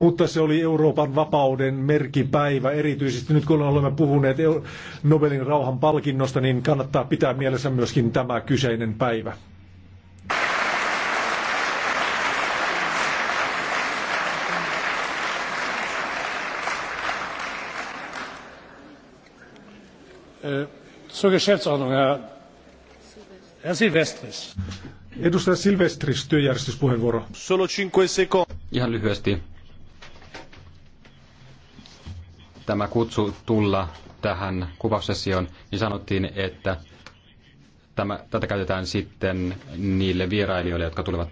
Mutta se oli Euroopan vapauden merkipäivä, erityisesti nyt kun olemme puhuneet Nobelin rauhan palkinnosta, niin kannattaa pitää mielessä myöskin tämä kyseinen päivä. Äh, zur Geschäftsordnung, Herr, Herr Silvestris. Edustaja Silvestris, työjärjestyspuheenvuoro. Solo Cinque sekuntia. Ihan lyhyesti tämä kutsu tulla tähän kuvaussessioon, niin sanottiin, että tämä, tätä käytetään sitten niille vierailijoille, jotka tulevat